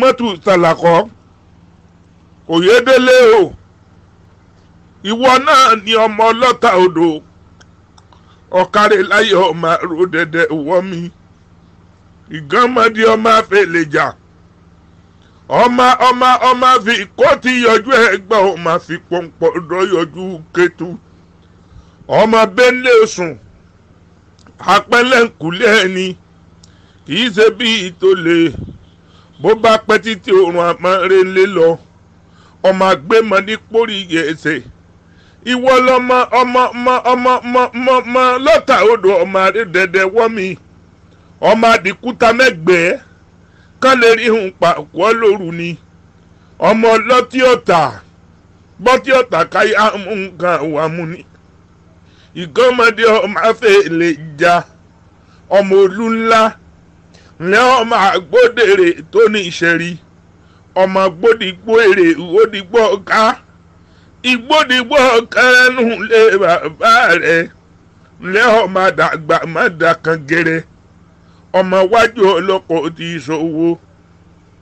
mọ́tò sàlàkọ́ òyedèlé o ìwọ náà ni ọmọ ọlọ́ta odò ọ̀kàrẹ̀ láyé ọmọ àrò dẹ̀dẹ̀ wọ́ mi ìgánmọ́dé ọmọ afẹ́lẹ́jà ọmọ ọmọ ọmọ fi kóòtù yọjú ẹgbẹ́ ọmọ fi pọ̀npọ̀ dọ́ yọjú ọmọ bẹ́ńlẹ̀ sùn apẹ́lẹ́ǹkùlẹ̀ ẹni kì í ṣe bí ìtòlè. bó bá pẹ́ títí oòrùn àmọ́rẹ́lẹ́ lọ ọmọ agbẹ́mọ ní pórí yẹ̀ẹ́sẹ̀ ìwọ lọmọ ọmọ ọmọ ọmọ ọmọ ọmọ ọmọ lọ́tà odò ọmọ àrídẹ̀dẹ̀ wọ́mi ọmọ àdìkúta mẹ́gbẹ̀ẹ́ kán lè rí hun lóru ni ọmọ lọ́tí ọ̀tà bọ́tí ọ̀tà wà mú ni ọmọ afẹ́ lè ọmọ olú ńlá. ní ọmọ àgbódèrè tó ní ìṣẹ̀rí ọmọ gbódìgbò èrè gbódìgbò ká ìgbódìgbò kẹrẹnu lé bàbá rẹ ní ọmọ àdàgbà má dàkan gẹrẹ ọmọ wájú ọlọ́kọ̀ ti ṣòwò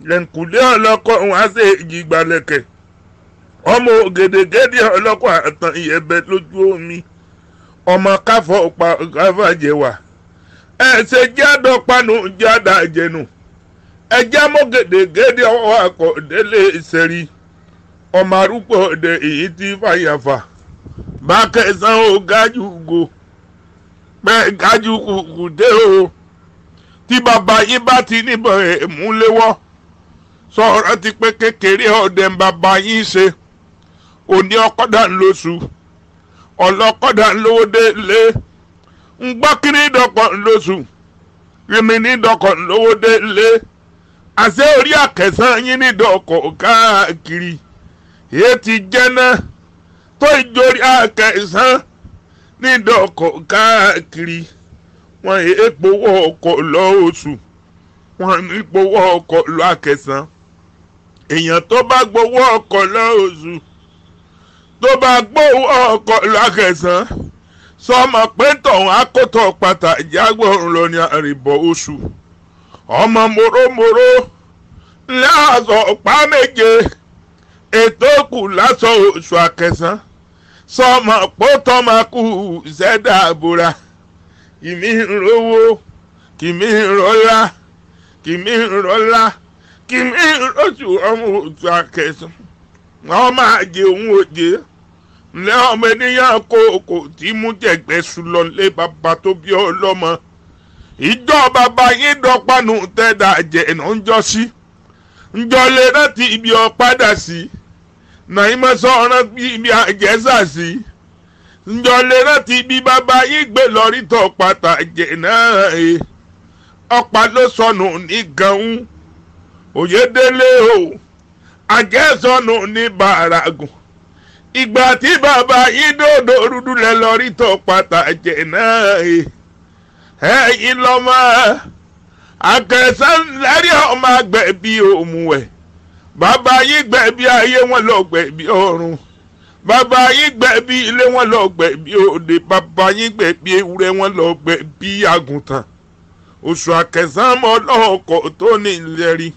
ọlọ́kọ̀ wọn ọmọ ọlọ́kọ̀ àtàn ìyẹ̀bẹ̀ lójú omi ọmọ káfọ́ pa ẹ̀sẹ̀ jẹ́ àdọ́panu jẹ́ àdàjẹnu ẹ̀jẹ̀ mọ́gẹ̀dẹ̀gẹ̀dẹ̀ ọwọ́ àkọ́délé ìṣẹ̀rí ọmọ arúgbó òde èyí tí fàyàfà bá kẹsàn ó gájú go pẹ́ gájú kùkù dé o tí bàbá yín bá ti níbọn èmú léwọ́ sọ̀rọ̀ ti pé kékeré ọ̀dẹ̀ bàbá yín ṣe òní ọkọ̀dà ńlọṣù ọlọ́kọ̀dà ńlọ́wọ́dé lé. ngbọ́kiri dọ́kọ̀ ńlọ́sù rìmì ní dọ́kọ̀ ńlọ́wọ́dé lé àṣẹ orí àkẹsàn yín ní dọ́kọ̀ káàkiri èyí ti jẹ́nà tó ìjọrí àkẹsàn ní dọ́kọ̀ káàkiri wọn èyí ọkọ lọ oṣù wọn ní powó ọkọ̀ lọ àkẹsàn èèyàn tó bá gbowó ọkọ̀ lọ oṣù tó bá gbowó ọkọ̀ lọ àkẹsàn. ọmọ pé tọ̀hún akótó pátá ìyàgbọ́ ńlọrin àrìbọ̀ oṣù ọmọ mòrómòró láàzọ ọ̀pá méje ètò kù lásọ oṣù àkẹsàn sọmọ pọ́tọ́ máa kú zẹ́dà àbúrà kìmí rówó kìmí rọlá kìmí rọlá kìmí rọṣù ọmọ oṣù àkẹsàn wọn máa òjè. ǹlẹ́ ọmọ ènìyàn kó kò tí mú jẹ̀gbẹ́ sùn lọ lé bàbá tó bí ọlọ́mọ ìjọ bàbá yín dọ́pánu tẹ́dà jẹ̀nà ń jọ sí ǹjọ́ lè rántí ibi ọ̀padà sí nàìmọ̀ sọ̀rọ̀ bí ibi àjẹsà sí ǹjọ́ lè rántí ibi bàbá yín gbé lọ́rí tọ̀ pátá jẹ̀nà ẹ̀ e. ọ̀pá ló sọnù ní gàún òyedèlé o àjẹsọnù ní Baragun. ìgbà tí bàbá yín dòdò rúdú lẹ lọ rí tó pàtàkì náà ẹ̀yin lọ́mọ akẹsànlárí ọmọ agbẹ̀bí òmùwẹ̀ bàbá yín gbẹ̀bí ayé wọn lọ gbẹ̀bí ọ̀run bàbá yín gbẹ̀bí ilé wọn lọ gbẹ̀bí òde bàbá yín gbẹ̀bí ewúrẹ́ wọn lọ bi àgùntàn oṣù akẹsàn mọ́ ọlọ́ọ̀kọ̀ tó to ilẹ̀ rí.